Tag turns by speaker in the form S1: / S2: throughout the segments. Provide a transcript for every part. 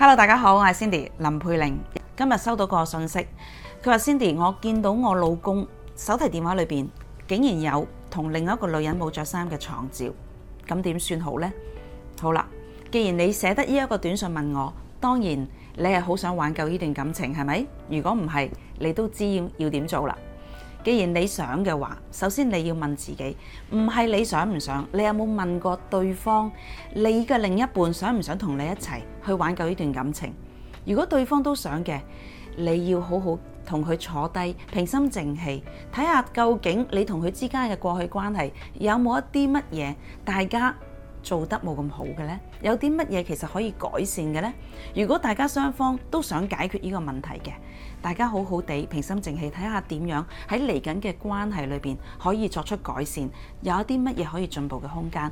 S1: Hello，大家好，我係 Cindy，林佩玲。今日收到個信息，佢話 Cindy，我見到我老公手提電話裏面竟然有同另外一個女人冇着衫嘅床照，咁點算好呢？好啦，既然你寫得呢一個短信問我，當然你係好想挽救呢段感情，係咪？如果唔係，你都知道要要點做啦。既然你想嘅話，首先你要問自己，唔係你想唔想，你有冇問過對方，你嘅另一半想唔想同你一齊去挽救呢段感情？如果對方都想嘅，你要好好同佢坐低，平心靜氣，睇下究竟你同佢之間嘅過去關係有冇一啲乜嘢，大家。做得冇咁好嘅呢，有啲乜嘢其實可以改善嘅呢？如果大家雙方都想解決呢個問題嘅，大家好好地平心靜氣睇下點樣喺嚟緊嘅關係裏邊可以作出改善，有一啲乜嘢可以進步嘅空間。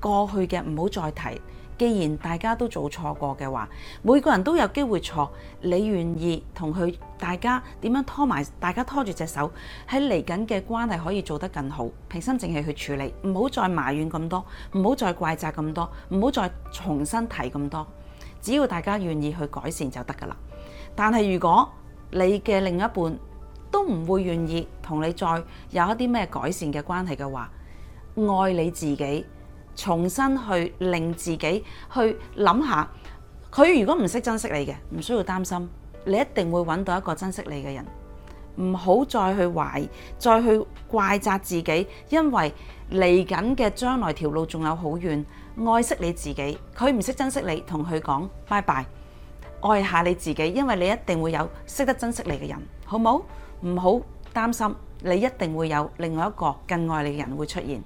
S1: 過去嘅唔好再提。既然大家都做錯過嘅話，每個人都有機會錯。你願意同佢，大家點樣拖埋？大家拖住隻手喺嚟緊嘅關係可以做得更好。平心靜氣去處理，唔好再埋怨咁多，唔好再怪責咁多，唔好再重新提咁多。只要大家願意去改善就得㗎啦。但係如果你嘅另一半都唔會願意同你再有一啲咩改善嘅關係嘅話，愛你自己。重新去令自己去諗下，佢如果唔識珍惜你嘅，唔需要擔心，你一定會揾到一個珍惜你嘅人。唔好再去懷，再去怪責自己，因為嚟緊嘅將來條路仲有好遠。愛惜你自己，佢唔識珍惜你，同佢講拜拜，愛下你自己，因為你一定會有識得珍惜你嘅人，好冇？唔好擔心，你一定會有另外一個更愛你嘅人會出現。